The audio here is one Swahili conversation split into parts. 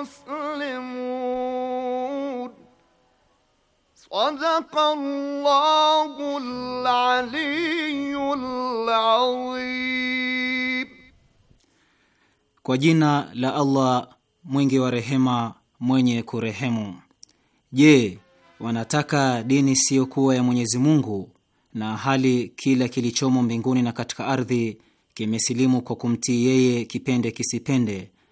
مسلمون صدق الله العلي العظيم Kwa jina la Allah mwingi wa rehema mwenye kurehemu. Je, wanataka dini siyo kuwa ya Mwenyezi Mungu na hali kila kilichomo mbinguni na katika ardhi kimesilimu kwa kumtii yeye kipende kisipende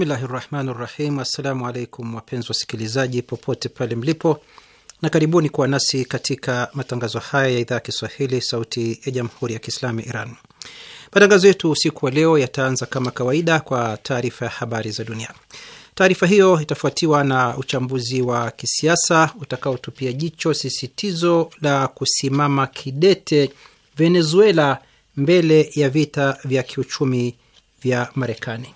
Bismillahi rahmani rahim. Assalamu alaikum wapenzi wasikilizaji popote pale mlipo, na karibuni kuwa nasi katika matangazo haya ya idhaa ya Kiswahili sauti ya jamhuri ya kiislamu Iran. Matangazo yetu usiku wa leo yataanza kama kawaida kwa taarifa ya habari za dunia. Taarifa hiyo itafuatiwa na uchambuzi wa kisiasa utakaotupia jicho sisitizo la kusimama kidete Venezuela mbele ya vita vya kiuchumi vya Marekani.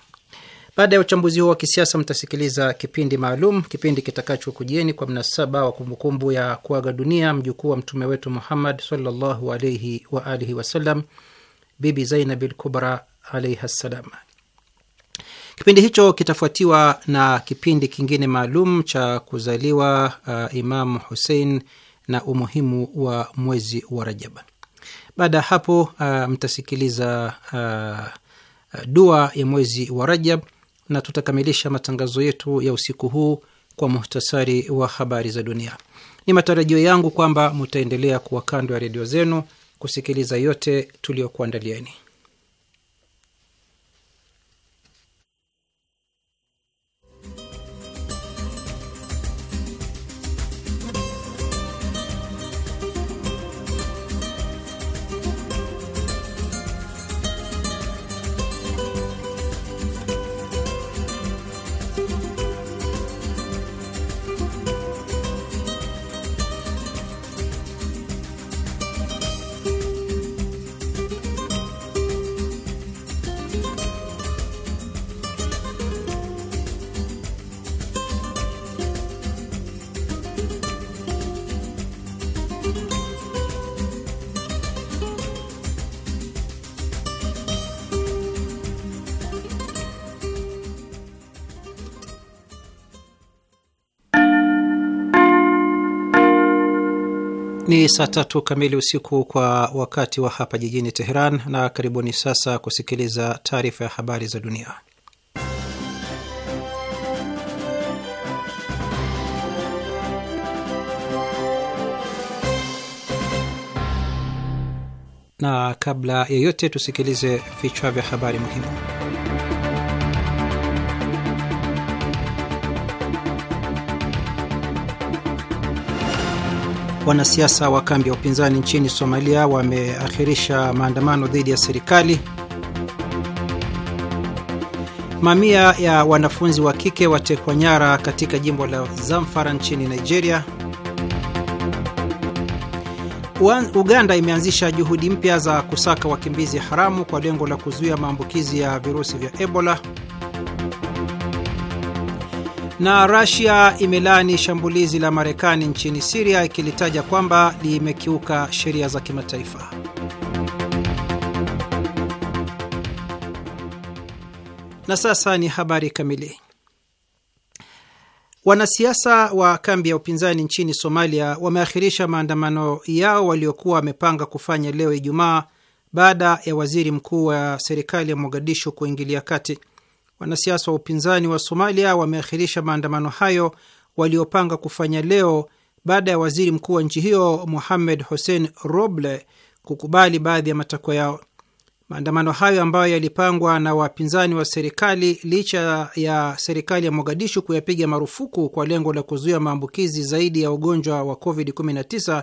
Baada ya uchambuzi huo wa kisiasa, mtasikiliza kipindi maalum, kipindi kitakacho kujieni kwa mnasaba wa kumbukumbu ya kuaga dunia mjukuu wa mtume wetu Muhammad sallallahu alaihi wa alihi wasallam, Bibi Zainabil Kubra alaihi ssalam. Kipindi hicho kitafuatiwa na kipindi kingine maalum cha kuzaliwa uh, Imamu Husein na umuhimu wa mwezi wa rajab Baada ya hapo uh, mtasikiliza uh, uh dua ya mwezi wa Rajab na tutakamilisha matangazo yetu ya usiku huu kwa muhtasari wa habari za dunia. Ni matarajio yangu kwamba mutaendelea kuwa kando ya redio zenu kusikiliza yote tuliyokuandalieni. saa tatu kamili usiku kwa wakati wa hapa jijini Teheran, na karibuni sasa kusikiliza taarifa ya habari za dunia. Na kabla ya yote, tusikilize vichwa vya habari muhimu. Wanasiasa wa kambi ya upinzani nchini Somalia wameakhirisha maandamano dhidi ya serikali. Mamia ya wanafunzi wa kike watekwa nyara katika jimbo la Zamfara nchini Nigeria. Uganda imeanzisha juhudi mpya za kusaka wakimbizi haramu kwa lengo la kuzuia maambukizi ya virusi vya Ebola. Na Rasia imelaani shambulizi la Marekani nchini Siria ikilitaja kwamba limekiuka sheria za kimataifa. Na sasa ni habari kamili. Wanasiasa wa kambi ya upinzani nchini Somalia wameakhirisha maandamano yao waliokuwa wamepanga kufanya leo Ijumaa baada ya waziri mkuu wa serikali ya Mogadishu kuingilia kati. Wanasiasa wa upinzani wa Somalia wameahirisha maandamano hayo waliopanga kufanya leo baada ya waziri mkuu wa nchi hiyo Mohamed Hussein Roble kukubali baadhi ya matakwa yao. Maandamano hayo ambayo yalipangwa na wapinzani wa serikali licha ya serikali ya Mogadishu kuyapiga marufuku kwa lengo la kuzuia maambukizi zaidi ya ugonjwa wa COVID-19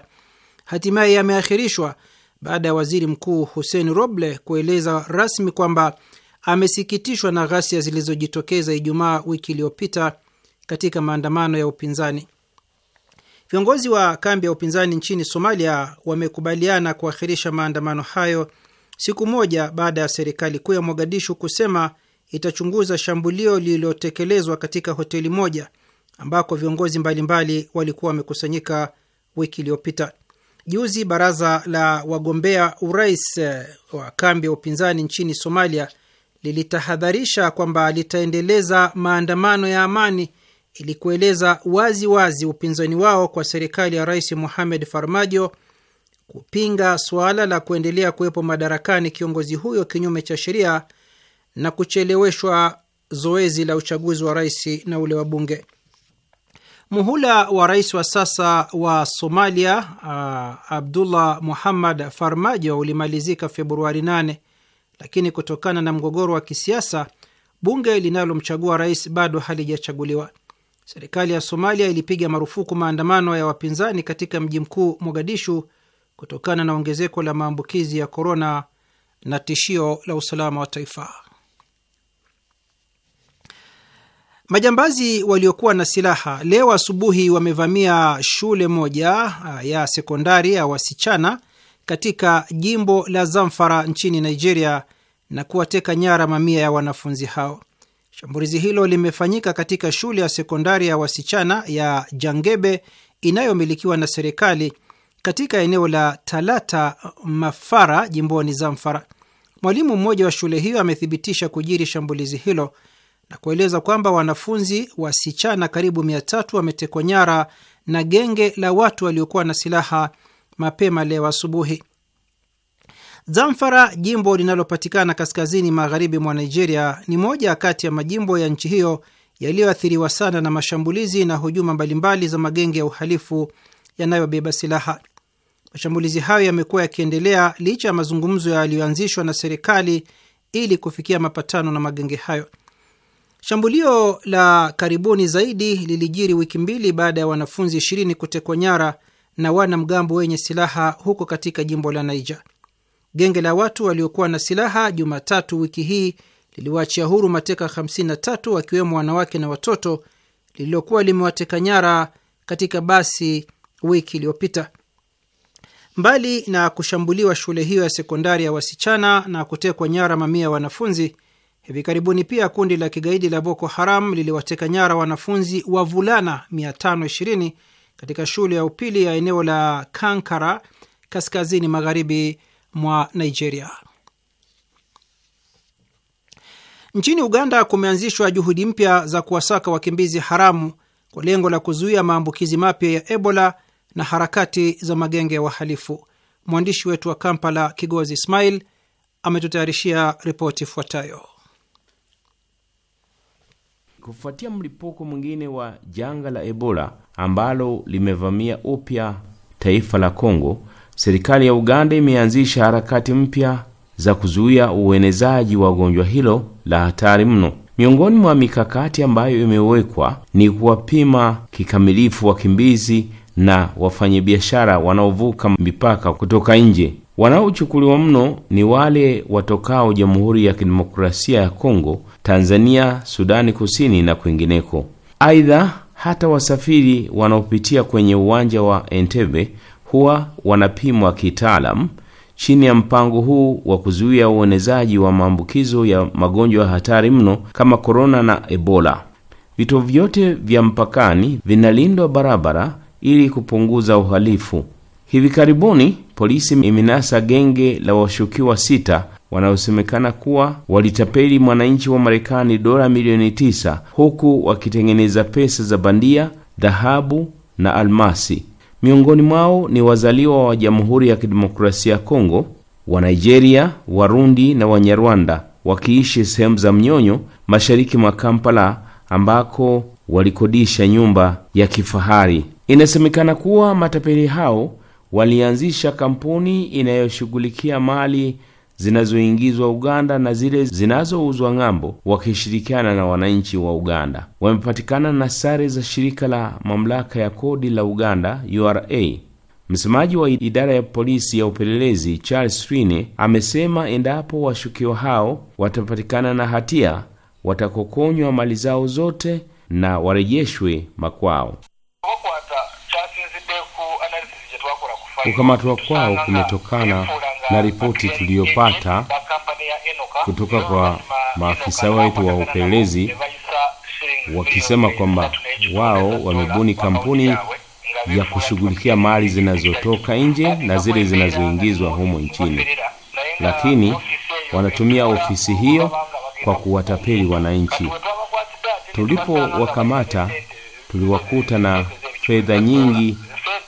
hatimaye yameahirishwa baada ya waziri mkuu Hussein Roble kueleza rasmi kwamba amesikitishwa na ghasia zilizojitokeza Ijumaa wiki iliyopita katika maandamano ya upinzani. Viongozi wa kambi ya upinzani nchini Somalia wamekubaliana kuahirisha maandamano hayo siku moja baada ya serikali kuu ya Mogadishu kusema itachunguza shambulio lililotekelezwa katika hoteli moja ambako viongozi mbalimbali walikuwa wamekusanyika wiki iliyopita. Juzi baraza la wagombea urais wa kambi ya upinzani nchini Somalia lilitahadharisha kwamba litaendeleza maandamano ya amani ili kueleza wazi wazi upinzani wao kwa serikali ya Rais Mohamed Farmajo, kupinga suala la kuendelea kuwepo madarakani kiongozi huyo kinyume cha sheria na kucheleweshwa zoezi la uchaguzi wa rais na ule wa bunge. Muhula wa rais wa sasa wa Somalia, uh, Abdullah Muhammad Farmajo ulimalizika Februari 8 lakini kutokana na mgogoro wa kisiasa bunge linalomchagua rais bado halijachaguliwa. Serikali ya Somalia ilipiga marufuku maandamano ya wapinzani katika mji mkuu Mogadishu kutokana na ongezeko la maambukizi ya korona na tishio la usalama wa taifa. Majambazi waliokuwa na silaha leo asubuhi wamevamia shule moja ah, ya sekondari ya wasichana katika jimbo la Zamfara nchini Nigeria na kuwateka nyara mamia ya wanafunzi hao. Shambulizi hilo limefanyika katika shule ya sekondari ya wasichana ya Jangebe inayomilikiwa na serikali katika eneo la Talata Mafara jimboni Zamfara. Mwalimu mmoja wa shule hiyo amethibitisha kujiri shambulizi hilo na kueleza kwamba wanafunzi wasichana karibu mia tatu wametekwa nyara na genge la watu waliokuwa na silaha mapema leo asubuhi. Zamfara, jimbo linalopatikana kaskazini magharibi mwa Nigeria, ni moja kati ya majimbo ya nchi hiyo yaliyoathiriwa sana na mashambulizi na hujuma mbalimbali za magenge ya uhalifu yanayobeba silaha. Mashambulizi hayo yamekuwa yakiendelea licha ya mazungumzo yaliyoanzishwa na serikali ili kufikia mapatano na magenge hayo. Shambulio la karibuni zaidi lilijiri wiki mbili baada ya wanafunzi ishirini kutekwa nyara na wanamgambo wenye silaha huko katika jimbo la Niger. Genge la watu waliokuwa na silaha Jumatatu wiki hii liliwaachia huru mateka 53 wakiwemo wanawake na watoto lililokuwa limewateka nyara katika basi wiki iliyopita. Mbali na kushambuliwa shule hiyo ya sekondari ya wasichana na kutekwa nyara mamia ya wanafunzi, hivi karibuni pia kundi la kigaidi la Boko Haram liliwateka nyara wanafunzi wavulana 520 katika shule ya upili ya eneo la Kankara, kaskazini magharibi mwa Nigeria. Nchini Uganda kumeanzishwa juhudi mpya za kuwasaka wakimbizi haramu kwa lengo la kuzuia maambukizi mapya ya Ebola na harakati za magenge ya wahalifu. Mwandishi wetu wa Kampala, Kigozi Ismail, ametutayarishia ripoti ifuatayo kufuatia mlipuko mwingine wa janga la Ebola ambalo limevamia upya taifa la Kongo, serikali ya Uganda imeanzisha harakati mpya za kuzuia uenezaji wa gonjwa hilo la hatari mno. Miongoni mwa mikakati ambayo imewekwa ni kuwapima kikamilifu wakimbizi na wafanyabiashara wanaovuka mipaka kutoka nje Wanaochukuliwa mno ni wale watokao Jamhuri ya Kidemokrasia ya Kongo, Tanzania, Sudani Kusini na kwingineko. Aidha, hata wasafiri wanaopitia kwenye uwanja wa Entebbe huwa wanapimwa kitaalamu chini ya mpango huu wa kuzuia uenezaji wa maambukizo ya magonjwa hatari mno kama korona na Ebola. Vituo vyote vya mpakani vinalindwa barabara ili kupunguza uhalifu. Hivi karibuni polisi imenasa genge la washukiwa sita wanaosemekana kuwa walitapeli mwananchi wa Marekani dola milioni tisa huku wakitengeneza pesa za bandia, dhahabu na almasi. Miongoni mwao ni wazaliwa wa Jamhuri ya Kidemokrasia ya Kongo, wa Nigeria, Warundi na Wanyarwanda wakiishi sehemu za Mnyonyo mashariki mwa Kampala ambako walikodisha nyumba ya kifahari. Inasemekana kuwa matapeli hao walianzisha kampuni inayoshughulikia mali zinazoingizwa Uganda na zile zinazouzwa ng'ambo, wakishirikiana na wananchi wa Uganda. Wamepatikana na sare za shirika la mamlaka ya kodi la Uganda URA. Msemaji wa idara ya polisi ya upelelezi Charles Swine amesema endapo washukiwa hao watapatikana na hatia, watakokonywa mali zao zote na warejeshwe makwao. Kukamatwa kwao kumetokana na ripoti tuliyopata kutoka kwa maafisa wetu wa upelelezi wakisema kwamba wao wamebuni kampuni ya kushughulikia mali zinazotoka nje na zile zinazoingizwa humo nchini, lakini wanatumia ofisi hiyo kwa kuwatapeli wananchi. Tulipowakamata tuliwakuta na fedha nyingi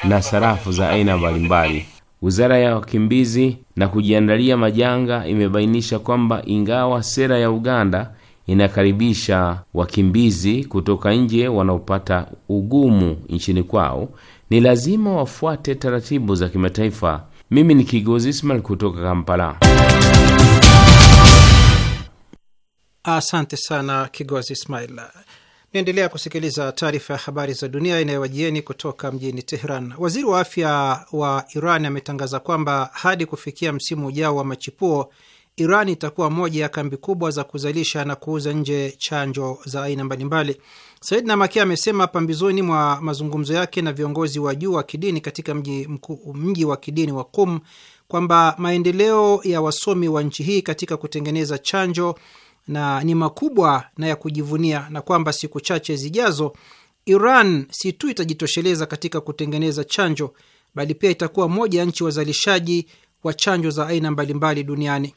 na sarafu za aina mbalimbali. Wizara ya wakimbizi na kujiandalia majanga imebainisha kwamba ingawa sera ya Uganda inakaribisha wakimbizi kutoka nje wanaopata ugumu nchini kwao, ni lazima wafuate taratibu za kimataifa. Mimi ni Kigozi Ismail kutoka Kampala. Asante sana Kigozi Ismail. Naendelea kusikiliza taarifa ya habari za dunia inayowajieni kutoka mjini Teheran. Waziri wa afya wa Iran ametangaza kwamba hadi kufikia msimu ujao wa machipuo, Iran itakuwa moja ya kambi kubwa za kuzalisha na kuuza nje chanjo za aina mbalimbali. Said Namaki amesema pambizoni mwa mazungumzo yake na viongozi wa juu wa kidini katika mji, mku, mji wa kidini wa Qum kwamba maendeleo ya wasomi wa nchi hii katika kutengeneza chanjo na ni makubwa na ya kujivunia, na kwamba siku chache zijazo Iran si tu itajitosheleza katika kutengeneza chanjo, bali pia itakuwa moja ya nchi wazalishaji wa chanjo za aina mbalimbali duniani.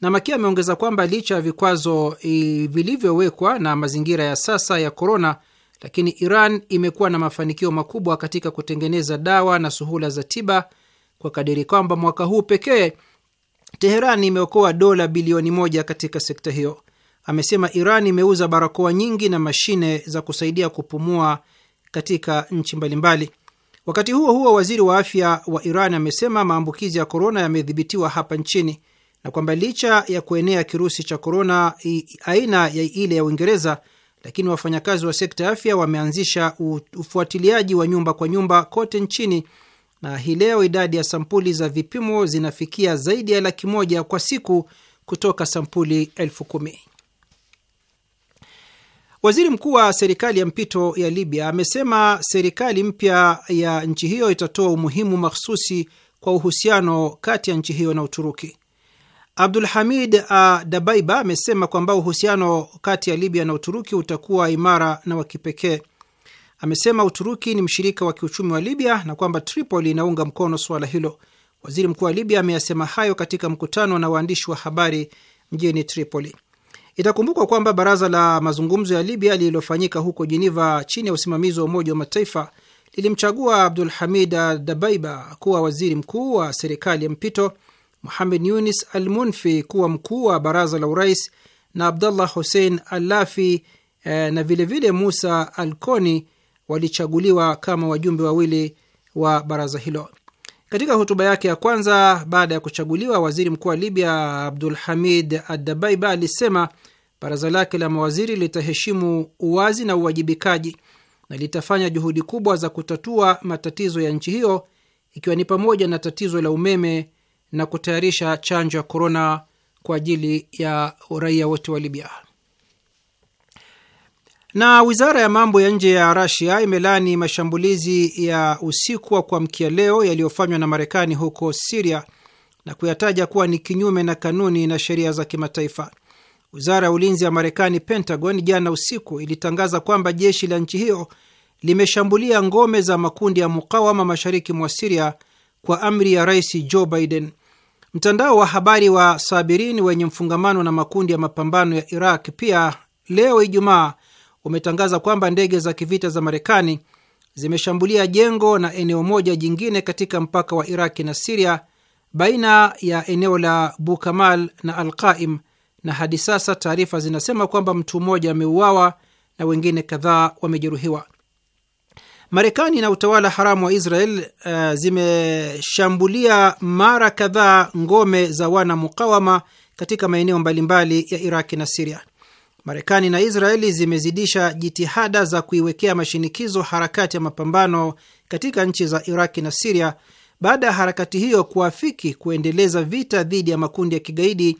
Makia ameongeza kwamba licha ya vikwazo e, vilivyowekwa na mazingira ya sasa ya korona, lakini Iran imekuwa na mafanikio makubwa katika kutengeneza dawa na suhula za tiba, kwa kadiri kwamba mwaka huu pekee Teheran imeokoa dola bilioni moja katika sekta hiyo. Amesema Iran imeuza barakoa nyingi na mashine za kusaidia kupumua katika nchi mbalimbali. Wakati huo huo, waziri wa afya wa Iran amesema maambukizi ya korona yamedhibitiwa hapa nchini na kwamba licha ya kuenea kirusi cha korona aina ya ile ya Uingereza, lakini wafanyakazi wa sekta ya afya wameanzisha ufuatiliaji wa nyumba kwa nyumba kote nchini na hii leo idadi ya sampuli za vipimo zinafikia zaidi ya laki moja kwa siku kutoka sampuli elfu kumi. Waziri mkuu wa serikali ya mpito ya Libya amesema serikali mpya ya nchi hiyo itatoa umuhimu mahsusi kwa uhusiano kati ya nchi hiyo na Uturuki. Abdul Hamid ah, Dabaiba amesema kwamba uhusiano kati ya Libya na Uturuki utakuwa imara na wa kipekee amesema Uturuki ni mshirika wa kiuchumi wa Libya na kwamba Tripoli inaunga mkono suala hilo. Waziri mkuu wa Libya ameyasema hayo katika mkutano na waandishi wa habari mjini Tripoli. Itakumbukwa kwamba baraza la mazungumzo ya Libya lililofanyika huko Jeniva chini ya usimamizi wa Umoja wa Mataifa lilimchagua Abdul Hamid Dabaiba kuwa waziri mkuu wa serikali ya mpito, Muhamed Yunis Al Munfi kuwa mkuu wa baraza la urais na abdullah Hussein Allafi eh, na vilevile Musa Alkoni walichaguliwa kama wajumbe wawili wa baraza hilo. Katika hotuba yake ya kwanza baada ya kuchaguliwa, waziri mkuu wa Libya Abdul Hamid Adabaiba alisema baraza lake la mawaziri litaheshimu uwazi na uwajibikaji na litafanya juhudi kubwa za kutatua matatizo ya nchi hiyo ikiwa ni pamoja na tatizo la umeme na kutayarisha chanjo ya korona kwa ajili ya raia wote wa Libya. Na wizara ya mambo ya nje ya Rasia imelani mashambulizi ya usiku wa kuamkia leo yaliyofanywa na Marekani huko Siria na kuyataja kuwa ni kinyume na kanuni na sheria za kimataifa. Wizara ya ulinzi ya Marekani, Pentagon, jana usiku ilitangaza kwamba jeshi la nchi hiyo limeshambulia ngome za makundi ya mukawama mashariki mwa Siria kwa amri ya Rais Joe Biden. Mtandao wa habari wa Sabirin wenye mfungamano na makundi ya mapambano ya Iraq pia leo Ijumaa umetangaza kwamba ndege za kivita za Marekani zimeshambulia jengo na eneo moja jingine katika mpaka wa Iraki na Siria baina ya eneo la Bukamal na Alqaim, na hadi sasa taarifa zinasema kwamba mtu mmoja ameuawa na wengine kadhaa wamejeruhiwa. Marekani na utawala haramu wa Israel uh, zimeshambulia mara kadhaa ngome za wana mukawama katika maeneo mbalimbali ya Iraki na Siria. Marekani na Israeli zimezidisha jitihada za kuiwekea mashinikizo harakati ya mapambano katika nchi za Iraki na Siria baada ya harakati hiyo kuafiki kuendeleza vita dhidi ya makundi ya kigaidi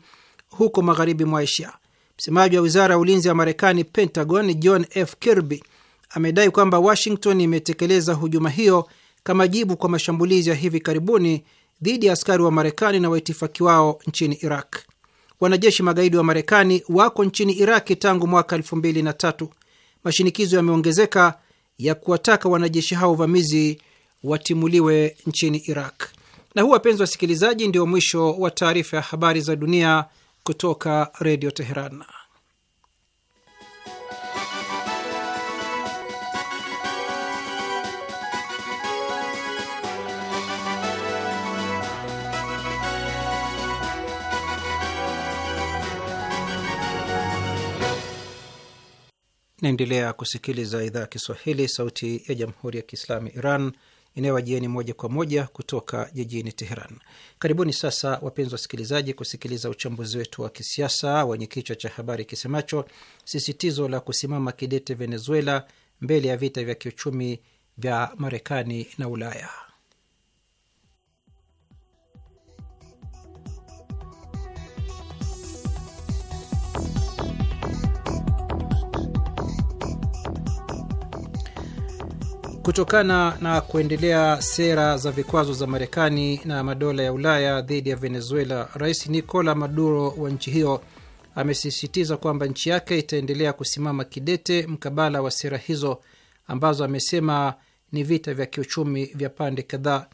huko magharibi mwa Asia. Msemaji wa wizara ya ulinzi ya Marekani, Pentagon, John F. Kirby amedai kwamba Washington imetekeleza hujuma hiyo kama jibu kwa mashambulizi ya hivi karibuni dhidi ya askari wa Marekani na waitifaki wao nchini Iraq wanajeshi magaidi wa Marekani wako nchini Iraki tangu mwaka elfu mbili na tatu. Mashinikizo yameongezeka ya, ya kuwataka wanajeshi hao uvamizi watimuliwe nchini Iraq. Na huu, wapenzi wasikilizaji, ndio mwisho wa taarifa ya habari za dunia kutoka Redio Teheran. Naendelea kusikiliza idhaa ya Kiswahili, sauti ya jamhuri ya kiislamu Iran inayowajieni moja kwa moja kutoka jijini Teheran. Karibuni sasa, wapenzi wasikilizaji, kusikiliza uchambuzi wetu wa kisiasa wenye kichwa cha habari kisemacho sisitizo la kusimama kidete Venezuela mbele ya vita vya kiuchumi vya Marekani na Ulaya. Kutokana na kuendelea sera za vikwazo za Marekani na madola ya Ulaya dhidi ya Venezuela, Rais nicola Maduro wa nchi hiyo amesisitiza kwamba nchi yake itaendelea kusimama kidete mkabala wa sera hizo ambazo amesema ni vita vya kiuchumi vya pande kadhaa.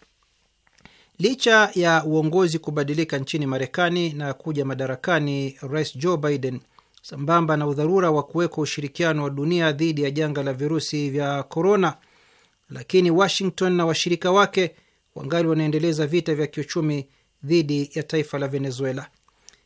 Licha ya uongozi kubadilika nchini Marekani na kuja madarakani Rais Joe Biden, sambamba na udharura wa kuweka ushirikiano wa dunia dhidi ya janga la virusi vya korona lakini Washington na washirika wake wangali wanaendeleza vita vya kiuchumi dhidi ya taifa la Venezuela.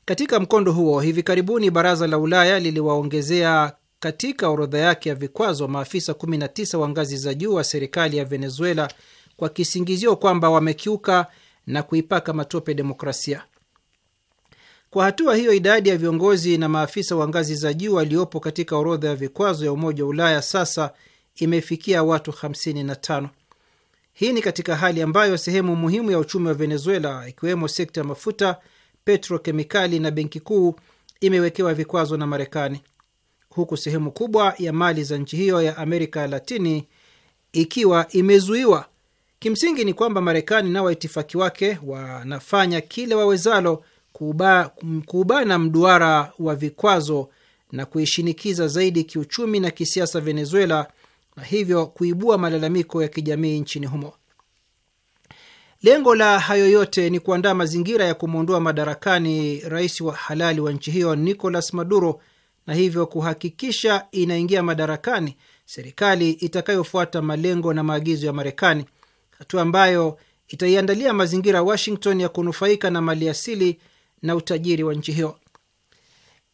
Katika mkondo huo, hivi karibuni baraza la Ulaya liliwaongezea katika orodha yake ya vikwazo maafisa 19 wa ngazi za juu wa serikali ya Venezuela kwa kisingizio kwamba wamekiuka na kuipaka matope demokrasia. Kwa hatua hiyo, idadi ya viongozi na maafisa wa ngazi za juu waliopo katika orodha ya vikwazo ya Umoja wa Ulaya sasa imefikia watu 55. Hii ni katika hali ambayo sehemu muhimu ya uchumi wa Venezuela, ikiwemo sekta ya mafuta, petrokemikali na benki kuu, imewekewa vikwazo na Marekani, huku sehemu kubwa ya mali za nchi hiyo ya Amerika ya Latini ikiwa imezuiwa. Kimsingi ni kwamba Marekani na waitifaki wake wanafanya kile wawezalo kuubana mduara wa vikwazo na kuishinikiza zaidi kiuchumi na kisiasa Venezuela na hivyo kuibua malalamiko ya kijamii nchini humo. Lengo la hayo yote ni kuandaa mazingira ya kumwondoa madarakani rais wa halali wa nchi hiyo Nicolas Maduro, na hivyo kuhakikisha inaingia madarakani serikali itakayofuata malengo na maagizo ya Marekani, hatua ambayo itaiandalia mazingira Washington ya kunufaika na maliasili na utajiri wa nchi hiyo.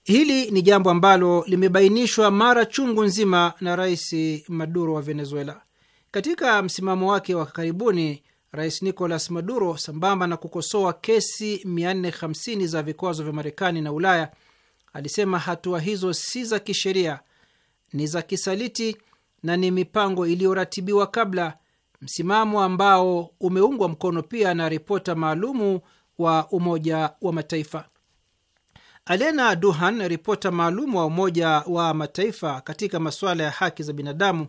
Hili ni jambo ambalo limebainishwa mara chungu nzima na Rais Maduro wa Venezuela. Katika msimamo wake wa karibuni, Rais Nicolas Maduro, sambamba na kukosoa kesi 450 za vikwazo vya Marekani na Ulaya, alisema hatua hizo si za kisheria, ni za kisaliti na ni mipango iliyoratibiwa kabla, msimamo ambao umeungwa mkono pia na ripota maalumu wa Umoja wa Mataifa. Alena Duhan, ripota maalum wa Umoja wa Mataifa katika masuala ya haki za binadamu,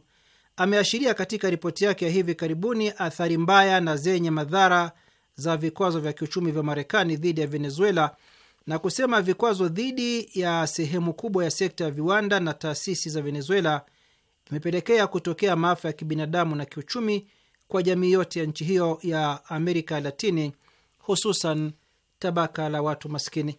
ameashiria katika ripoti yake ya hivi karibuni athari mbaya na zenye madhara za vikwazo vya kiuchumi vya Marekani dhidi ya Venezuela na kusema vikwazo dhidi ya sehemu kubwa ya sekta ya viwanda na taasisi za Venezuela vimepelekea kutokea maafa ya kibinadamu na kiuchumi kwa jamii yote ya nchi hiyo ya Amerika Latini, hususan tabaka la watu maskini.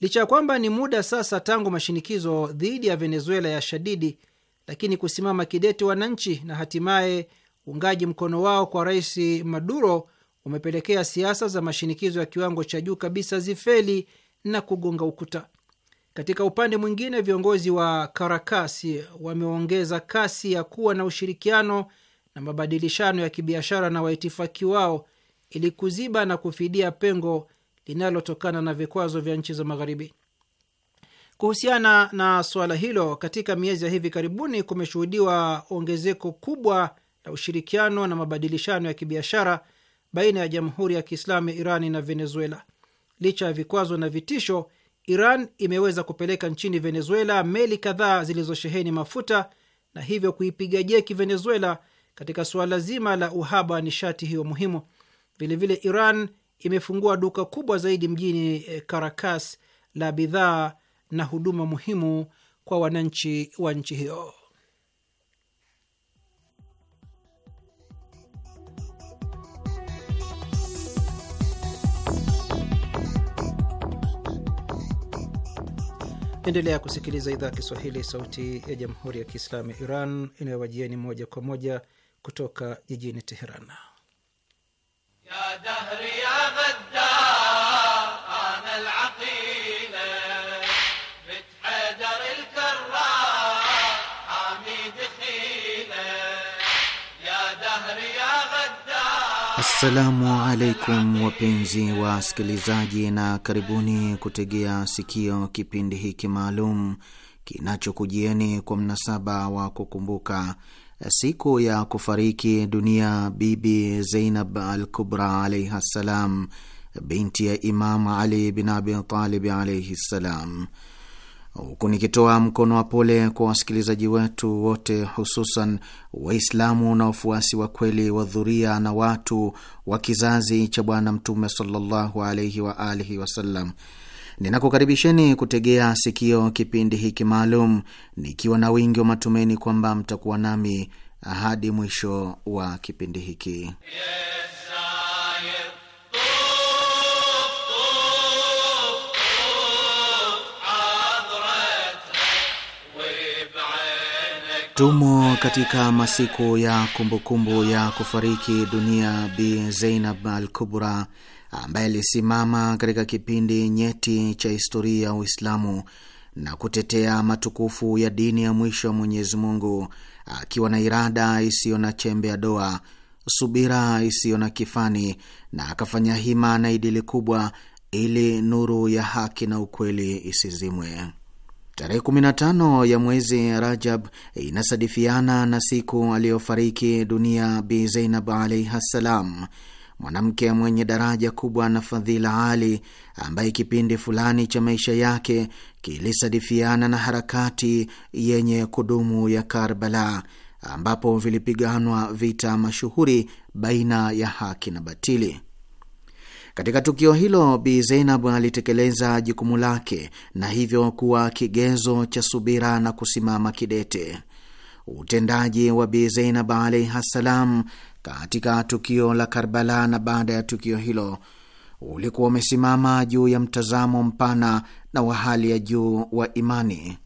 Licha ya kwamba ni muda sasa tangu mashinikizo dhidi ya Venezuela ya shadidi, lakini kusimama kidete wananchi na hatimaye uungaji mkono wao kwa Rais Maduro umepelekea siasa za mashinikizo ya kiwango cha juu kabisa zifeli na kugonga ukuta. Katika upande mwingine, viongozi wa Karakasi wameongeza kasi ya kuwa na ushirikiano na mabadilishano ya kibiashara na waitifaki wao ili kuziba na kufidia pengo linalotokana na vikwazo vya nchi za Magharibi. Kuhusiana na suala hilo, katika miezi ya hivi karibuni kumeshuhudiwa ongezeko kubwa la ushirikiano na mabadilishano ya kibiashara baina ya Jamhuri ya Kiislamu ya Irani na Venezuela. Licha ya vikwazo na vitisho, Iran imeweza kupeleka nchini Venezuela meli kadhaa zilizosheheni mafuta na hivyo kuipiga jeki Venezuela katika suala zima la uhaba wa nishati hiyo muhimu. Vilevile, Iran imefungua duka kubwa zaidi mjini eh, Caracas la bidhaa na huduma muhimu kwa wananchi wa nchi hiyo. Endelea kusikiliza idhaa ya Kiswahili, sauti ya jamhuri ya kiislamu ya Iran inayowajieni moja kwa moja kutoka jijini Teheran ya Assalamu alaikum wapenzi wa wasikilizaji, na karibuni kutegea sikio kipindi hiki maalum kinachokujieni kwa mnasaba wa kukumbuka siku ya kufariki dunia Bibi Zeinab al Kubra alaihi ssalam, binti ya Imam Ali bin Abi Talib alaihi ssalam huku nikitoa mkono wa pole kwa wasikilizaji wetu wote, hususan Waislamu na wafuasi wa kweli wa dhuria na watu wa kizazi cha Bwana Mtume sallallahu alaihi wa alihi wasallam. Ninakukaribisheni kutegea sikio kipindi hiki maalum nikiwa na wingi wa matumaini kwamba mtakuwa nami hadi mwisho wa kipindi hiki. yeah. Tumo katika masiku ya kumbukumbu kumbu ya kufariki dunia Bi Zeinab Al Kubra, ambaye alisimama katika kipindi nyeti cha historia ya Uislamu na kutetea matukufu ya dini ya mwisho wa Mwenyezi Mungu, akiwa na irada isiyo na chembe ya doa, subira isiyo na kifani, na akafanya hima na idili kubwa ili nuru ya haki na ukweli isizimwe. Tarehe 15 ya mwezi Rajab inasadifiana na siku aliyofariki dunia Bi Zeinab alaihi ssalam, mwanamke mwenye daraja kubwa na fadhila ali, ambaye kipindi fulani cha maisha yake kilisadifiana na harakati yenye kudumu ya Karbala, ambapo vilipiganwa vita mashuhuri baina ya haki na batili. Katika tukio hilo, Bi Zeinab alitekeleza jukumu lake na hivyo kuwa kigezo cha subira na kusimama kidete. Utendaji wa Bi Zeinab alaihi ssalam katika tukio la Karbala na baada ya tukio hilo ulikuwa umesimama juu ya mtazamo mpana na wa hali ya juu wa imani.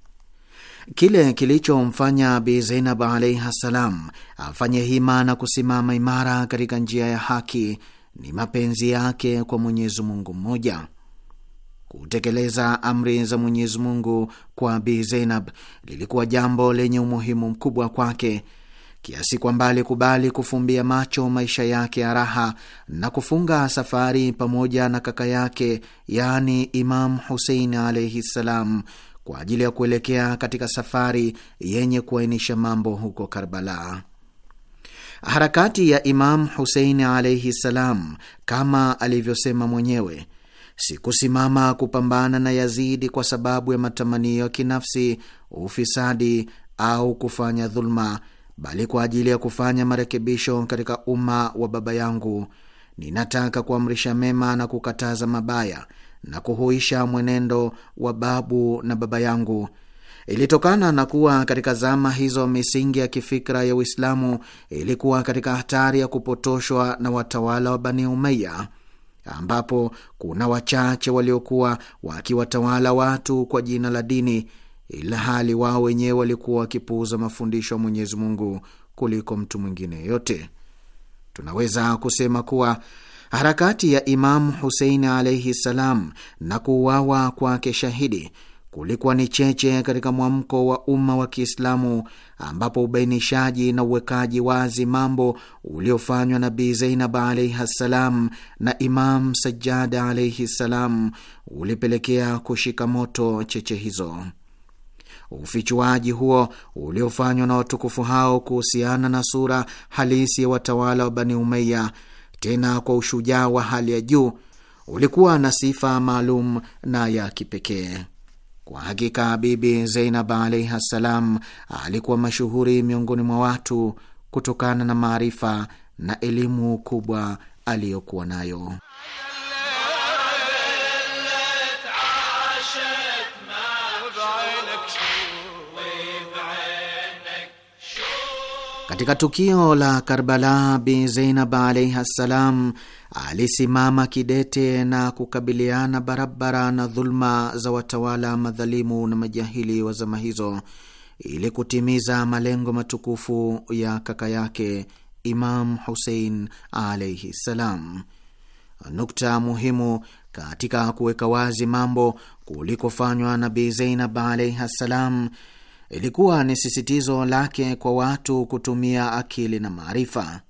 Kile kilichomfanya Bi Zeinab alaihi ssalam afanye hima na kusimama imara katika njia ya haki ni mapenzi yake kwa Mwenyezi Mungu mmoja. Kutekeleza amri za Mwenyezi Mungu kwa Bi Zeinab lilikuwa jambo lenye umuhimu mkubwa kwake kiasi kwamba alikubali kufumbia macho maisha yake ya raha na kufunga safari pamoja na kaka yake, yaani Imam Husein alaihi ssalam, kwa ajili ya kuelekea katika safari yenye kuainisha mambo huko Karbala. Harakati ya Imamu Huseini alaihi ssalam, kama alivyosema mwenyewe, sikusimama kupambana na Yazidi kwa sababu ya matamanio ya kinafsi, ufisadi au kufanya dhuluma, bali kwa ajili ya kufanya marekebisho katika umma wa baba yangu. Ninataka kuamrisha mema na kukataza mabaya na kuhuisha mwenendo wa babu na baba yangu ilitokana na kuwa katika zama hizo misingi ya kifikra ya Uislamu ilikuwa katika hatari ya kupotoshwa na watawala wa Bani umeya ambapo kuna wachache waliokuwa wakiwatawala watu kwa jina la dini, ila hali wao wenyewe walikuwa wakipuuza mafundisho ya Mwenyezi Mungu kuliko mtu mwingine yeyote. Tunaweza kusema kuwa harakati ya Imamu Husein alaihi salam na kuuawa kwake shahidi kulikuwa ni cheche katika mwamko wa umma wa Kiislamu ambapo ubainishaji na uwekaji wazi mambo uliofanywa Nabii Zeinab alaihi ssalam na Imam Sajjad alaihi ssalam ulipelekea kushika moto cheche hizo. Ufichuaji huo uliofanywa na watukufu hao kuhusiana na sura halisi ya watawala wa Bani umeya tena kwa ushujaa wa hali ya juu, ulikuwa na sifa maalum na ya kipekee. Kwa hakika Bibi Zeinab alaihi ssalam alikuwa mashuhuri miongoni mwa watu kutokana na maarifa na elimu kubwa aliyokuwa nayo. Katika tukio la Karbala, Bi Zeinab alaihi ssalam alisimama kidete na kukabiliana barabara na dhuluma za watawala madhalimu na majahili wa zama hizo ili kutimiza malengo matukufu ya kaka yake Imam Husein alaihi ssalam. Nukta muhimu katika kuweka wazi mambo kulikofanywa na Bi Zeinab alaihi ssalam ilikuwa ni sisitizo lake kwa watu kutumia akili na maarifa.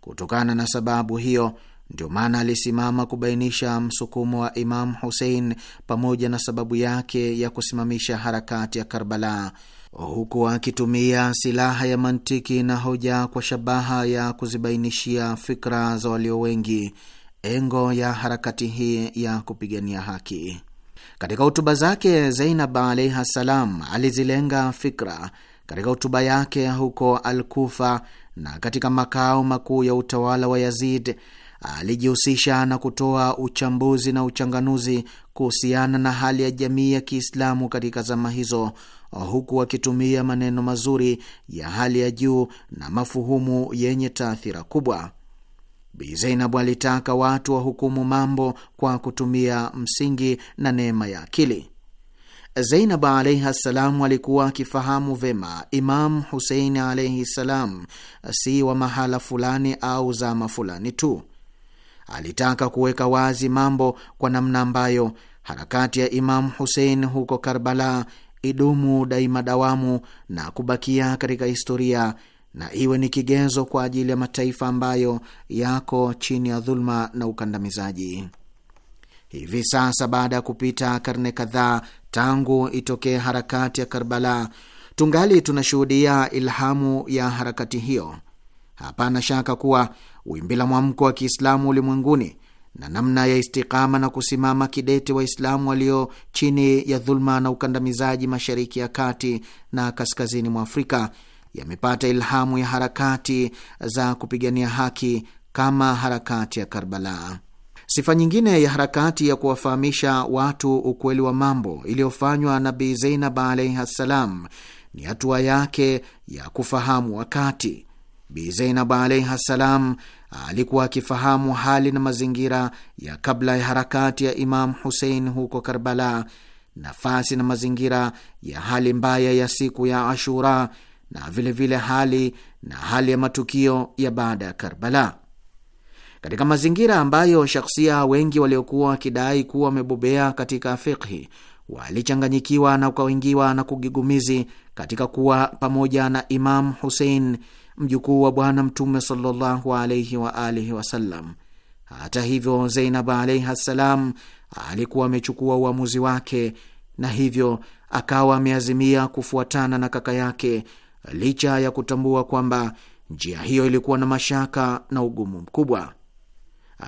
Kutokana na sababu hiyo, ndio maana alisimama kubainisha msukumo wa Imamu Husein pamoja na sababu yake ya kusimamisha harakati ya Karbala, huku akitumia silaha ya mantiki na hoja kwa shabaha ya kuzibainishia fikra za walio wengi engo ya harakati hii ya kupigania haki. Katika hotuba zake Zainab alaihi ssalam alizilenga fikra katika hotuba yake huko Al-Kufa na katika makao makuu ya utawala wa Yazid alijihusisha na kutoa uchambuzi na uchanganuzi kuhusiana na hali ya jamii ya Kiislamu katika zama hizo, huku akitumia maneno mazuri ya hali ya juu na mafuhumu yenye taathira kubwa. Bi Zainabu alitaka watu wahukumu mambo kwa kutumia msingi na neema ya akili. Zainabu alaihi ssalam alikuwa akifahamu vema Imamu husein alaihi ssalam si wa mahala fulani au zama fulani tu. Alitaka kuweka wazi mambo kwa namna ambayo harakati ya Imamu Husein huko Karbala idumu daima dawamu na kubakia katika historia na iwe ni kigezo kwa ajili ya mataifa ambayo yako chini ya dhuluma na ukandamizaji. Hivi sasa, baada ya kupita karne kadhaa tangu itokee harakati ya Karbala, tungali tunashuhudia ilhamu ya harakati hiyo. Hapana shaka kuwa wimbi la mwamko wa Kiislamu ulimwenguni na namna ya istikama na kusimama kidete Waislamu walio chini ya dhuluma na ukandamizaji mashariki ya kati na kaskazini mwa Afrika yamepata ilhamu ya harakati za kupigania haki kama harakati ya Karbala. Sifa nyingine ya harakati ya kuwafahamisha watu ukweli wa mambo iliyofanywa nabi Zeinab alaihi ssalam ni hatua yake ya kufahamu wakati. Bi Zeinab alaihi ssalam alikuwa akifahamu hali na mazingira ya kabla ya harakati ya Imam Husein huko Karbala, nafasi na mazingira ya hali mbaya ya siku ya Ashura na vilevile vile hali na hali ya matukio ya baada ya Karbala katika mazingira ambayo shakhsia wengi waliokuwa wakidai kuwa wamebobea katika fikhi walichanganyikiwa na ukaingiwa na kugigumizi katika kuwa pamoja na Imam Husein mjukuu wa Bwana Mtume sallallahu alaihi wa alihi wasallam. Hata hivyo, Zeinab alaihi ssalam alikuwa amechukua uamuzi wake na hivyo akawa ameazimia kufuatana na kaka yake licha ya kutambua kwamba njia hiyo ilikuwa na mashaka na ugumu mkubwa.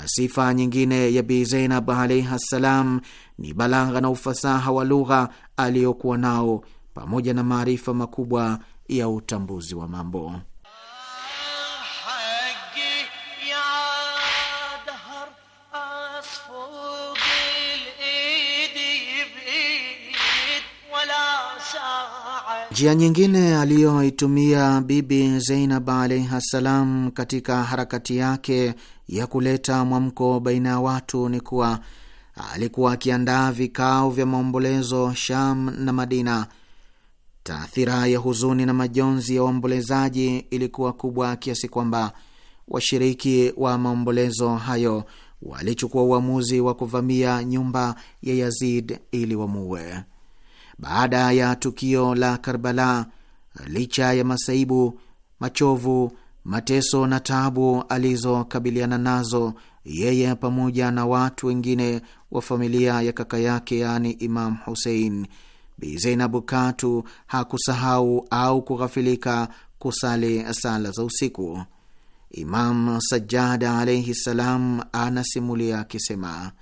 Sifa nyingine ya Bi Zeinab alaihi ssalam ni balagha na ufasaha wa lugha aliyokuwa nao pamoja na maarifa makubwa ya utambuzi wa mambo. Njia nyingine aliyoitumia Bibi Zeinab alaihi ssalam katika harakati yake ya kuleta mwamko baina ya watu ni kuwa alikuwa akiandaa vikao vya maombolezo Sham na Madina. Taathira ya huzuni na majonzi ya waombolezaji ilikuwa kubwa kiasi kwamba washiriki wa maombolezo hayo walichukua uamuzi wa kuvamia nyumba ya Yazid ili wamuue. Baada ya tukio la Karbala, licha ya masaibu, machovu, mateso na taabu alizokabiliana nazo, yeye pamoja na watu wengine wa familia ya kaka yake, yaani Imam Husein, Bi Zainabu katu hakusahau au kughafilika kusali sala za usiku. Imam Sajjada alaihi salam anasimulia akisema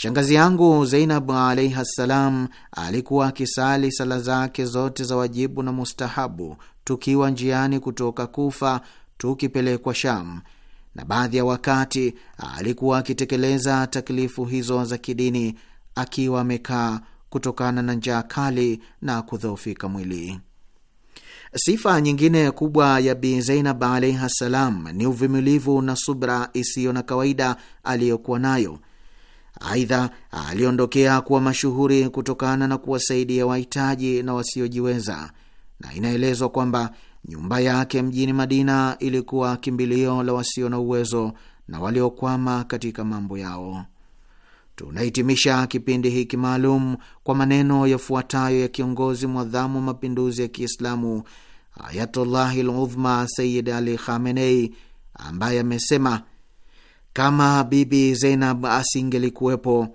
Shangazi yangu Zainab alaihi ssalam alikuwa akisali sala zake zote za wajibu na mustahabu tukiwa njiani kutoka Kufa tukipelekwa Sham, na baadhi ya wakati alikuwa akitekeleza taklifu hizo za kidini akiwa amekaa kutokana na njaa kali na kudhoofika mwili. Sifa nyingine kubwa ya Bi Zainab alaihi ssalam ni uvumilivu na subra isiyo na kawaida aliyokuwa nayo Aidha, aliondokea kuwa mashuhuri kutokana na kuwasaidia wahitaji na wasiojiweza, na inaelezwa kwamba nyumba yake mjini Madina ilikuwa kimbilio la wasio na uwezo na waliokwama katika mambo yao. Tunahitimisha kipindi hiki maalum kwa maneno yafuatayo ya kiongozi mwadhamu wa mapinduzi ya Kiislamu Ayatullahi Ludhma Sayid Ali Khamenei ambaye amesema kama Bibi Zeinab asingelikuwepo,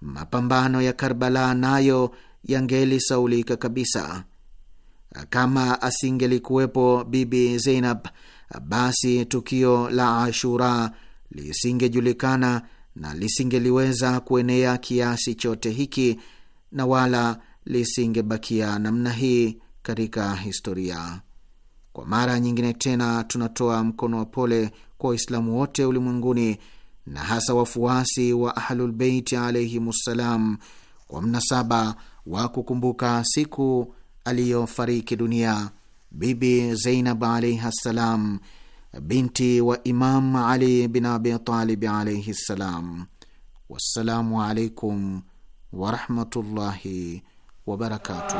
mapambano ya Karbala nayo yangelisaulika kabisa. Kama asingelikuwepo Bibi Zeinab, basi tukio la Ashura lisingejulikana na lisingeliweza kuenea kiasi chote hiki na wala lisingebakia namna hii katika historia. Kwa mara nyingine tena tunatoa mkono wa pole kwa Waislamu wote ulimwenguni na hasa wafuasi wa Ahlulbeiti alaihimussalam kwa mnasaba wa kukumbuka siku aliyofariki dunia Bibi Zeinab alaihi ssalam, binti wa Imam Ali bin Abitalib alaihi ssalam. Wassalamu alaikum warahmatullahi وبركاته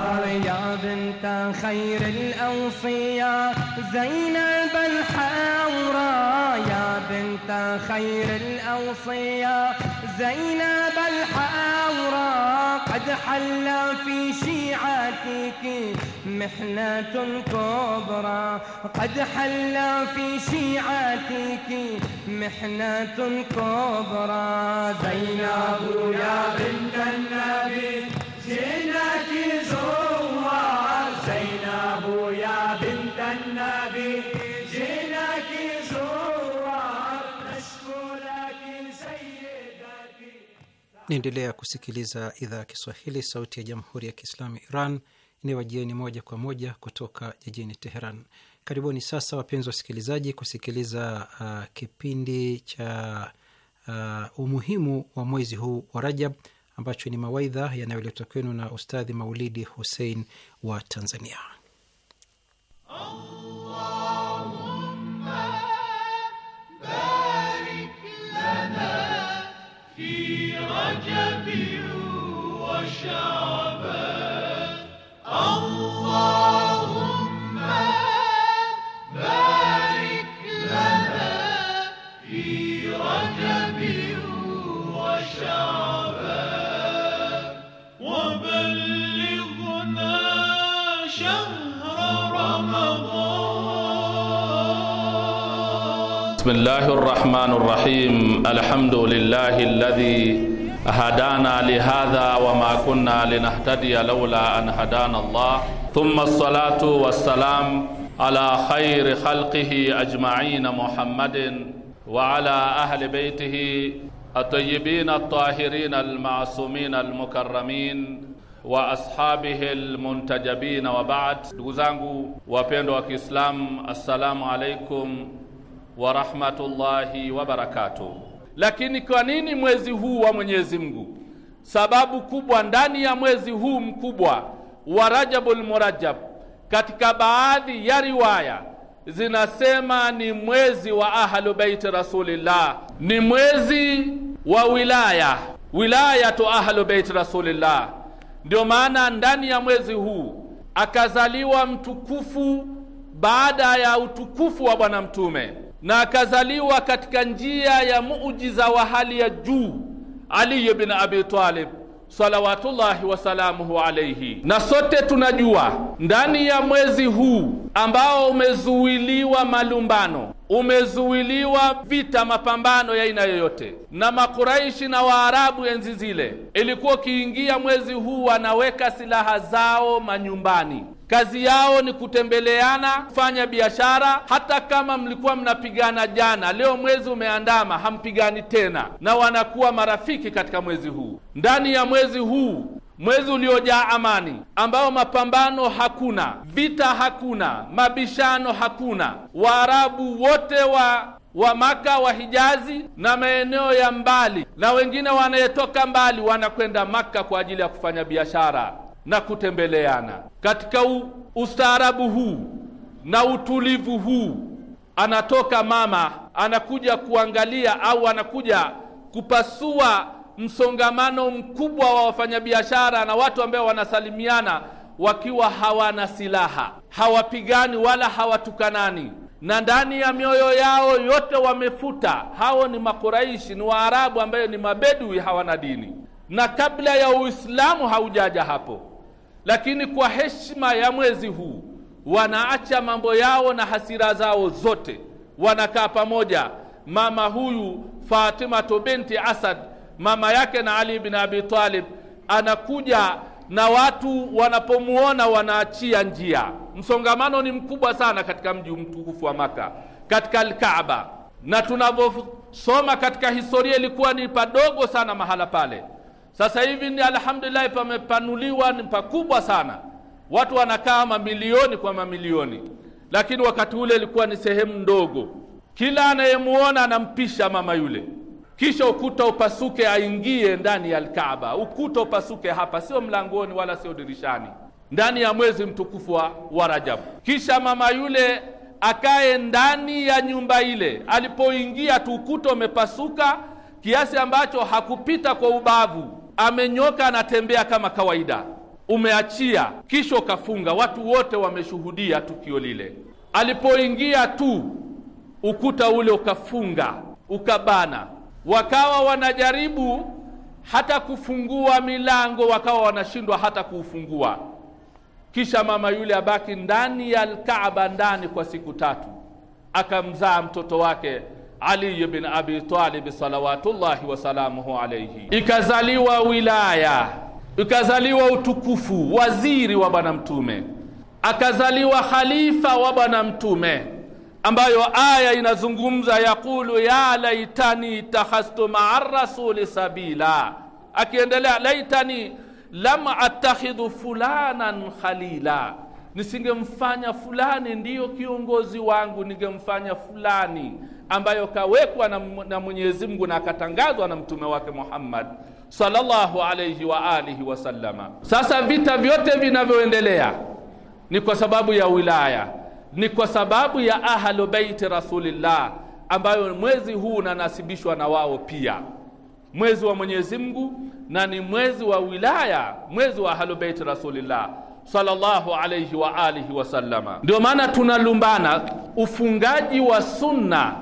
يا بنت خير الأوصية زينب الحوراء يا بنت خير الأوصية زينب الحوراء قد حل في شيعتك محنة كبرى قد حل في شيعتك محنة كبرى زينب يا بنت النبي Niendelea kusikiliza idhaa ya Kiswahili, sauti ya jamhuri ya kiislamu Iran inayowajieni moja kwa moja kutoka jijini Teheran. Karibuni sasa wapenzi wasikilizaji, kusikiliza uh, kipindi cha uh, umuhimu wa mwezi huu wa Rajab ambacho ni mawaidha yanayoletwa kwenu na Ustadhi Maulidi Hussein wa Tanzania. oh. في رجب وشعب الله الرحمن الرحيم الحمد لله الذي هدانا لهذا وما كنا لنهتدي لولا أن هدانا الله ثم الصلاة والسلام على خير خلقه أجمعين محمد وعلى أهل بيته الطيبين الطاهرين المعصومين المكرمين wa ashabihi almuntajabina wa baad. Ndugu zangu wapendwa wa Kiislamu, assalamu alaikum wa rahmatullahi wa barakatuh. Lakini kwa nini mwezi huu wa Mwenyezi Mungu? Sababu kubwa ndani ya mwezi huu mkubwa wa Rajabul Murajab, katika baadhi ya riwaya zinasema ni mwezi wa Ahlu Baiti Rasulillah, ni mwezi wa wilaya, wilayatu Ahlu Baiti Rasulillah. Ndio maana ndani ya mwezi huu akazaliwa mtukufu baada ya utukufu wa Bwana Mtume na akazaliwa katika njia ya muujiza wa hali ya juu Ali ibn Abi Talib salawatullahi wasalamuhu alaihi. Na sote tunajua ndani ya mwezi huu ambao umezuiliwa malumbano, umezuiliwa vita, mapambano ya aina yoyote, na Makuraishi na Waarabu enzi zile ilikuwa ukiingia mwezi huu wanaweka silaha zao manyumbani kazi yao ni kutembeleana, kufanya biashara. Hata kama mlikuwa mnapigana jana, leo mwezi umeandama, hampigani tena, na wanakuwa marafiki katika mwezi huu, ndani ya mwezi huu mwezi uliojaa amani, ambao mapambano hakuna, vita hakuna, mabishano hakuna. Waarabu wote wa wa Maka wa Hijazi na maeneo ya mbali na wengine wanayetoka mbali wanakwenda Maka kwa ajili ya kufanya biashara na kutembeleana. Katika ustaarabu huu na utulivu huu, anatoka mama anakuja kuangalia au anakuja kupasua msongamano mkubwa wa wafanyabiashara na watu ambao wanasalimiana wakiwa hawana silaha, hawapigani wala hawatukanani, na ndani ya mioyo yao yote wamefuta. Hao ni Makuraishi, ni Waarabu ambayo ni mabedui, hawana dini, na kabla ya Uislamu haujaja hapo lakini kwa heshima ya mwezi huu wanaacha mambo yao na hasira zao zote, wanakaa pamoja. Mama huyu Fatimatu binti Asad, mama yake na Ali bin Abi Talib, anakuja na watu wanapomuona wanaachia njia. Msongamano ni mkubwa sana katika mji mtukufu wa Maka, katika Alkaaba, na tunavyosoma katika historia ilikuwa ni padogo sana mahala pale sasa hivi ni alhamdulillah, pamepanuliwa ni pakubwa sana, watu wanakaa mamilioni kwa mamilioni, lakini wakati ule ilikuwa ni sehemu ndogo. Kila anayemuona anampisha mama yule, kisha ukuta upasuke, aingie ndani ya Alkaaba. Ukuta upasuke hapa, sio mlangoni wala sio dirishani, ndani ya mwezi mtukufu wa Rajabu. Kisha mama yule akae ndani ya nyumba ile. Alipoingia tu ukuta umepasuka kiasi ambacho hakupita kwa ubavu amenyoka anatembea kama kawaida, umeachia kisha ukafunga. Watu wote wameshuhudia tukio lile, alipoingia tu ukuta ule ukafunga ukabana, wakawa wanajaribu hata kufungua milango, wakawa wanashindwa hata kuufungua. Kisha mama yule abaki ndani ya Alkaaba ndani kwa siku tatu, akamzaa mtoto wake ali ibn Abi Talib salawatullahi wasalamuhu alayhi, Ikazaliwa wilaya, ikazaliwa utukufu, waziri wa Bwana Mtume, akazaliwa khalifa wa Bwana Mtume, ambayo aya inazungumza yaqulu ya laitani takhastu maa rasuli sabila, akiendelea laitani lam attakhidhu fulanan khalila, nisingemfanya fulani ndiyo kiongozi wangu, ningemfanya fulani ambayo kawekwa na, na Mwenyezi Mungu na akatangazwa na mtume wake Muhammad sallallahu alayhi wa alihi wasallama. Sasa vita vyote vinavyoendelea ni kwa sababu ya wilaya, ni kwa sababu ya ahlu baiti rasulillah, ambayo mwezi huu unanasibishwa na wao pia, mwezi wa Mwenyezi Mungu na ni mwezi wa wilaya, mwezi wa ahlu baiti rasulillah sallallahu alayhi wa alihi wasallama. Ndio maana tunalumbana ufungaji wa sunna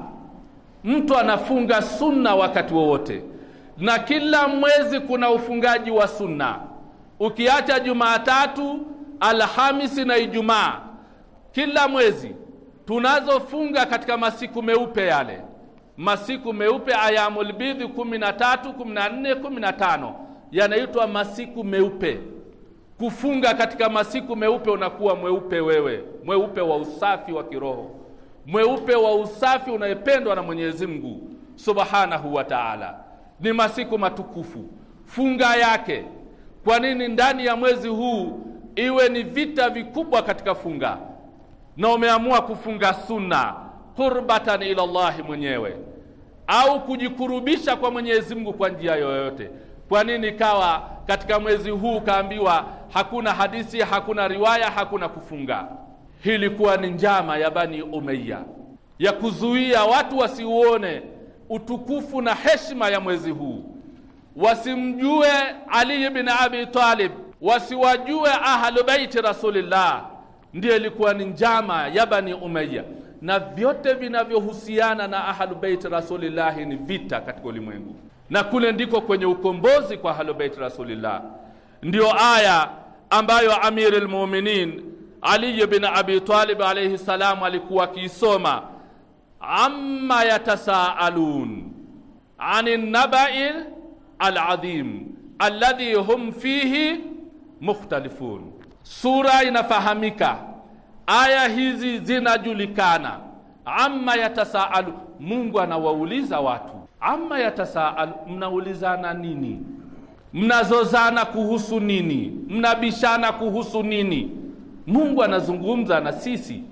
mtu anafunga sunna wakati wowote, na kila mwezi kuna ufungaji wa sunna, ukiacha Jumatatu, Alhamisi na Ijumaa. Kila mwezi tunazofunga katika masiku meupe yale, masiku meupe ayamul bidhi, kumi na tatu, kumi na nne, kumi na tano, yanaitwa masiku meupe. Kufunga katika masiku meupe unakuwa mweupe wewe, mweupe wa usafi wa kiroho mweupe wa usafi unayependwa na Mwenyezi Mungu subhanahu wa taala. Ni masiku matukufu, funga yake. Kwa nini ndani ya mwezi huu iwe ni vita vikubwa katika funga, na umeamua kufunga sunna qurbatan ila Allahi mwenyewe au kujikurubisha kwa Mwenyezi Mungu kwa njia yoyote? Kwa nini kawa katika mwezi huu kaambiwa hakuna hadithi, hakuna riwaya, hakuna kufunga? Hii ilikuwa ni njama ya Bani Umayya ya kuzuia watu wasiuone utukufu na heshima ya mwezi huu, wasimjue Ali ibn Abi Talib, wasiwajue Ahlu Baiti Rasulillah. Ndiyo ilikuwa ni njama ya Bani Umayya, na vyote vinavyohusiana na Ahlu Baiti Rasulillahi ni vita katika ulimwengu, na kule ndiko kwenye ukombozi kwa Ahlu Baiti Rasulillah. Ndiyo aya ambayo Amirul Mu'minin ali ibn Abi Talib alayhi salam alikuwa akisoma amma yatasaalun anin naba'il aladhim alladhi hum fihi mukhtalifun. Sura inafahamika, aya hizi zinajulikana. Amma yatasaalu, Mungu anawauliza watu. Amma yatasaalu, mnaulizana nini? Mnazozana kuhusu nini? Mnabishana kuhusu nini? Mungu anazungumza na sisi,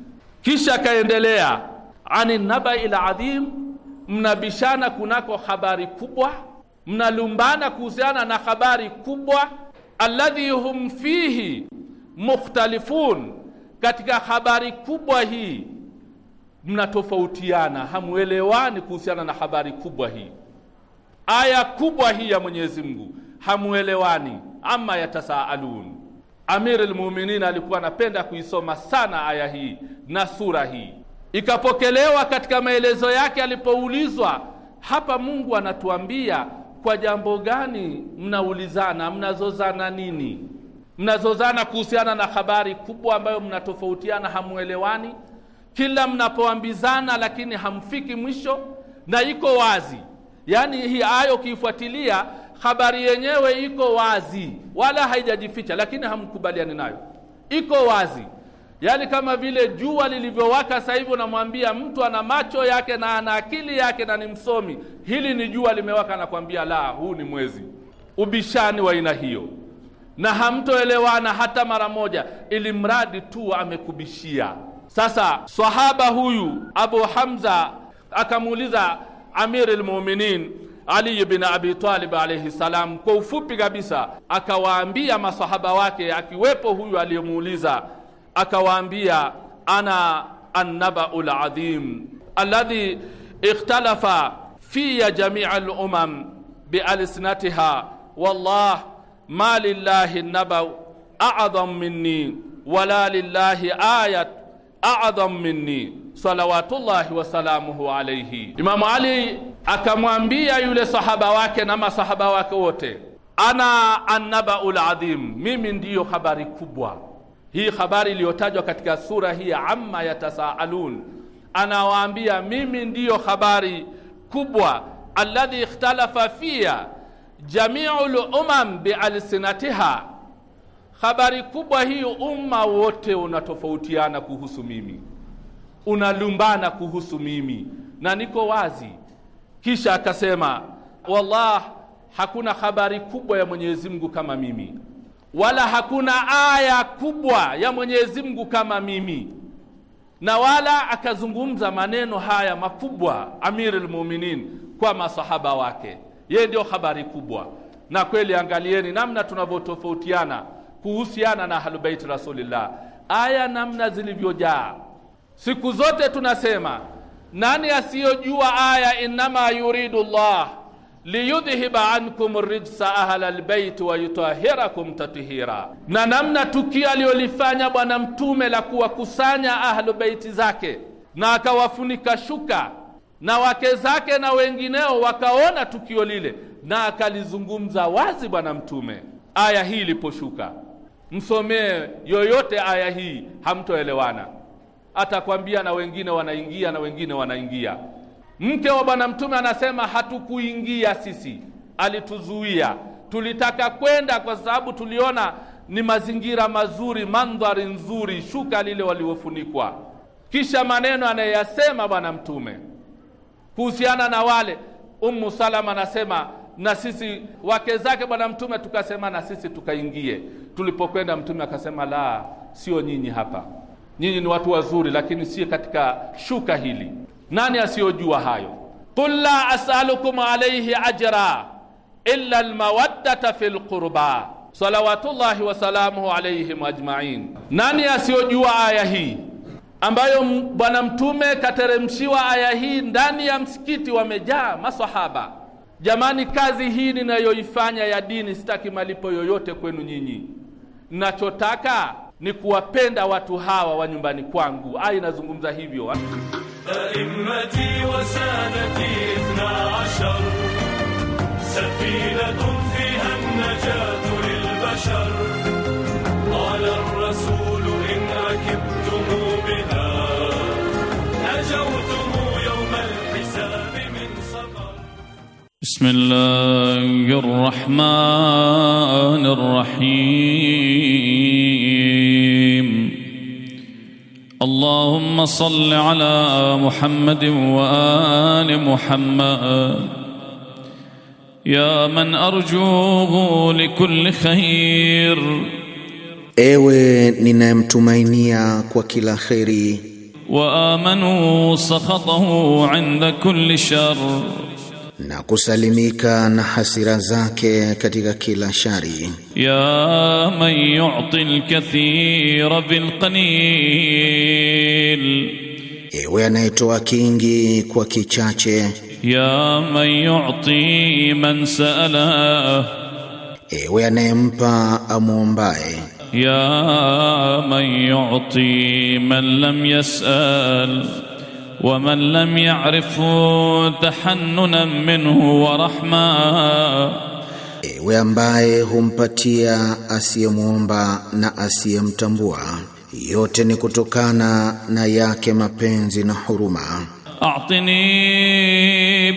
kisha akaendelea ani ila ladhim, mnabishana kunako habari kubwa, mnalumbana kuhusiana na habari kubwa, alladhi hum fihi mukhtalifun, katika habari kubwa hii mnatofautiana, hamuelewani kuhusiana na habari kubwa hii, aya kubwa hii ya Mwenyezi Mungu hamuelewani. Ama yatasaalun Amir al-Mu'minin alikuwa anapenda kuisoma sana aya hii na sura hii. Ikapokelewa katika maelezo yake alipoulizwa, hapa Mungu anatuambia kwa jambo gani mnaulizana, mnazozana nini? Mnazozana kuhusiana na habari kubwa ambayo mnatofautiana, hamuelewani, kila mnapoambizana, lakini hamfiki mwisho, na iko wazi. Yaani hii ayo ukiifuatilia habari yenyewe iko wazi, wala haijajificha, lakini hamkubaliani nayo, iko wazi. Yaani kama vile jua lilivyowaka sasa hivi, unamwambia mtu ana macho yake na ana akili yake na ni msomi, hili ni jua limewaka, anakwambia la, huu ni mwezi. Ubishani wa aina hiyo, na hamtoelewana hata mara moja, ili mradi tu amekubishia. Sasa sahaba huyu Abu Hamza akamuuliza Amir Mu'minin ali bin Abi Talib alayhi salam, kwa ufupi kabisa akawaambia masahaba wake, akiwepo huyu aliyemuuliza, akawaambia ana annabaul adhim alladhi ikhtalafa fiya jamia lumam bialsinatiha wallah ma lillahi nabau a'dham minni wala lillahi ayat a'dham minni salawatullahi wasalamuhu alayhi. Imamu Ali akamwambia yule sahaba wake na masahaba wake wote, ana annabaul adhim, mimi ndiyo habari kubwa hii, habari iliyotajwa katika sura hii ya amma yatasaalun, anawaambia mimi ndiyo habari kubwa, alladhi ikhtalafa fiya jamiu lumam bialsinatiha habari kubwa hiyo umma wote unatofautiana kuhusu mimi, unalumbana kuhusu mimi na niko wazi. Kisha akasema wallah, hakuna habari kubwa ya Mwenyezi Mungu kama mimi, wala hakuna aya kubwa ya Mwenyezi Mungu kama mimi, na wala akazungumza maneno haya makubwa Amirul Mu'minin kwa masahaba wake. Yeye ndio habari kubwa, na kweli, angalieni namna tunavyotofautiana kuhusiana na ahlubeiti rasulillah. Aya namna zilivyojaa, siku zote tunasema nani asiyojua aya innama yuridu llah liyudhhiba ankum rijsa ahla lbeiti wayutahirakum tathira, na namna tukio aliyolifanya Bwana Mtume la kuwakusanya ahlu beiti zake na akawafunika shuka na wake zake na wengineo wakaona tukio lile, na akalizungumza wazi Bwana Mtume aya hii iliposhuka msomee yoyote aya hii, hamtoelewana. Atakwambia na wengine wanaingia na wengine wanaingia. Mke wa Bwana Mtume anasema hatukuingia sisi, alituzuia. Tulitaka kwenda kwa sababu tuliona ni mazingira mazuri, mandhari nzuri, shuka lile waliofunikwa. Kisha maneno anayeyasema Bwana Mtume kuhusiana na wale Ummu Salama anasema na sisi wake zake Bwana Mtume tukasema na sisi tukaingie. Tulipokwenda Mtume akasema la, sio nyinyi hapa, nyinyi ni watu wazuri, lakini si katika shuka hili. Nani asiyojua hayo? Qul la asalukum alayhi ajra illa almawaddata fil qurba salawatullahi wasalamuhu alayhim ajmain. Nani asiyojua aya hii ambayo Bwana Mtume kateremshiwa aya hii ndani ya msikiti, wamejaa masahaba Jamani, kazi hii ninayoifanya ya dini sitaki malipo yoyote kwenu nyinyi. Nachotaka ni kuwapenda watu hawa wa nyumbani kwangu. Ai, inazungumza hivyo. Ah. بسم الله الرحمن الرحيم اللهم صل على محمد وال محمد يا من ارجوه لكل خير ايوه ننام تمينيا وكلا خيري وامنوا سخطه عند كل شر na kusalimika na hasira zake katika kila shari. ya man yu'ti al kathir bil qalil, ewe anayetoa kingi kwa kichache. ya man yu'ti man sa'ala, ewe anayempa amwombaye. ya man yu'ti man lam yas'al ومن لم يعرفه tahannunan minhu wa rahma we ambaye humpatia asiyemwomba na asiyemtambua yote ni kutokana na yake mapenzi na huruma أعطني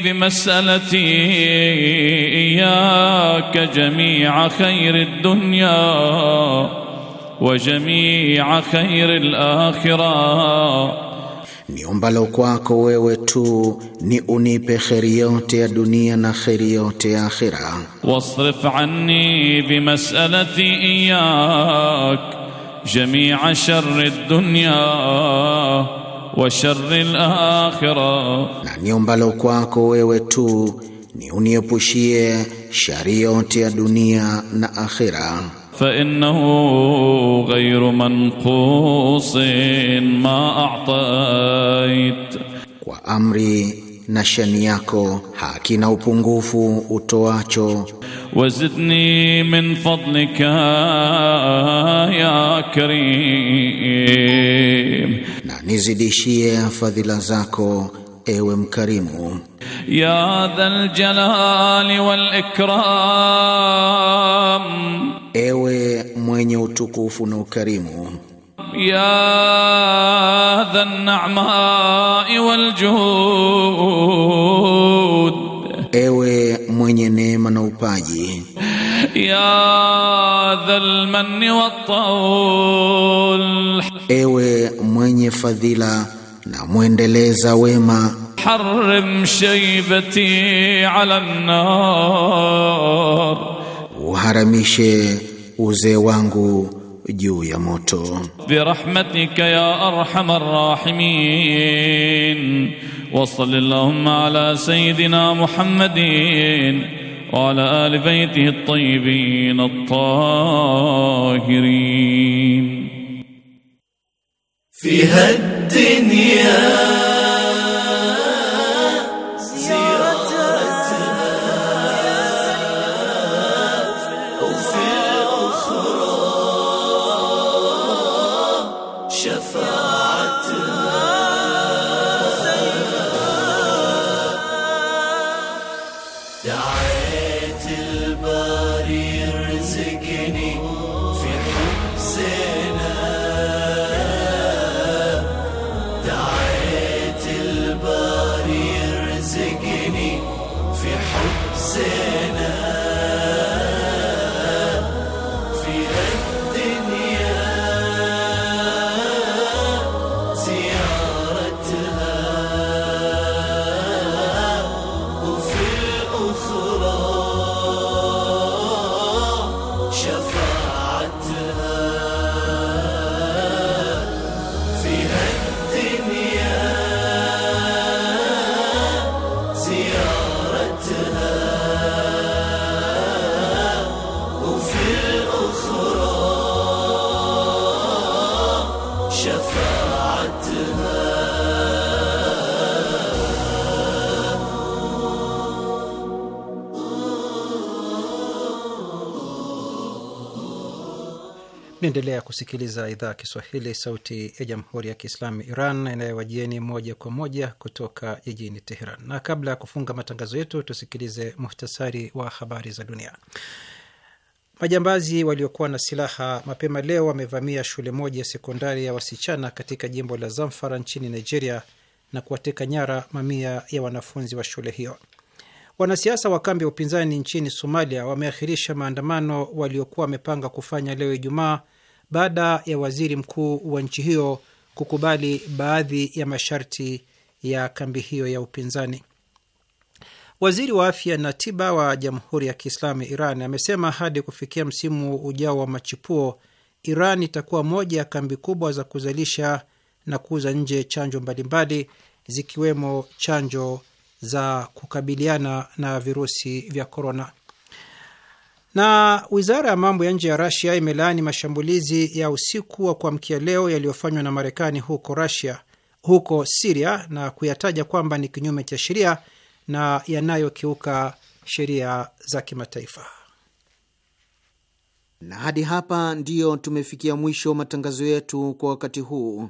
بمسألتي إياك جميع خير الدنيا وجميع خير الآخرة niombalo kwako wewe tu ni unipe kheri yote ya dunia na kheri yote ya akhira. wasrif anni mas'alati iyyak jamia ad dunya wa al alakhira, na niombalo kwako wewe tu ni uniepushie shari yote ya dunia na akhira. فإنه غير manqusin ma a'tait, kwa amri na shani yako hakina upungufu utoacho. Wazidni min fadlika ya karim, na nizidishie fadhila zako ewe mkarimu. Ya dhal jalali wal ewe mwenye utukufu na ukarimu. Ya dha an wal juhud, ewe mwenye neema na upaji. Ya dha manni wat taul, ewe mwenye fadhila na mwendeleza wema. Harrim shaybati ala an-nar uharamishe uzee wangu juu ya moto. Birahmatika ya arhamar rahimin wa sallallahu ala sayidina Muhammadin wa ala ali baitihi at-tayyibin at-tahirin fi had-dunya Naendelea kusikiliza idhaa ya Kiswahili, sauti ya jamhuri ya kiislamu Iran inayowajieni moja kwa moja kutoka jijini Teheran. Na kabla ya kufunga matangazo yetu, tusikilize muhtasari wa habari za dunia. Majambazi waliokuwa na silaha mapema leo wamevamia shule moja ya sekondari ya wasichana katika jimbo la Zamfara nchini Nigeria na kuwateka nyara mamia ya wanafunzi wa shule hiyo. Wanasiasa wa kambi ya upinzani nchini Somalia wameahirisha maandamano waliokuwa wamepanga kufanya leo Ijumaa baada ya waziri mkuu wa nchi hiyo kukubali baadhi ya masharti ya kambi hiyo ya upinzani. Waziri wa afya na tiba wa Jamhuri ya Kiislamu Iran amesema hadi kufikia msimu ujao wa machipuo, Iran itakuwa moja ya kambi kubwa za kuzalisha na kuuza nje chanjo mbalimbali zikiwemo chanjo za kukabiliana na virusi vya korona. Na wizara ya mambo ya nje ya Rasia imelaani mashambulizi ya usiku wa kuamkia leo yaliyofanywa na Marekani huko Rasia, huko Siria na kuyataja kwamba ni kinyume cha sheria na yanayokiuka sheria za kimataifa. Na hadi hapa ndiyo tumefikia mwisho matangazo yetu kwa wakati huu.